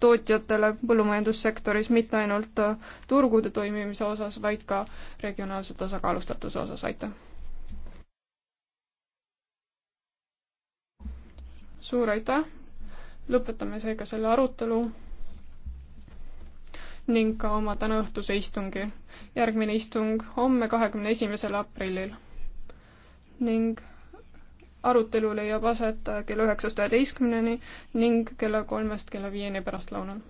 tootjatele põllumajandussektoris mitte ainult äh, turgude toimimise osas, vaid ka regionaalse tasakaalustatuse osas, aitäh! suur aitäh! lõpetame seega selle arutelu ning ka oma tänaõhtuse istungi. järgmine istung homme, kahekümne esimesel aprillil ning arutelu leiab aset kella üheksast üheteistkümneni ning kella kolmest kella viieni pärastlõunal.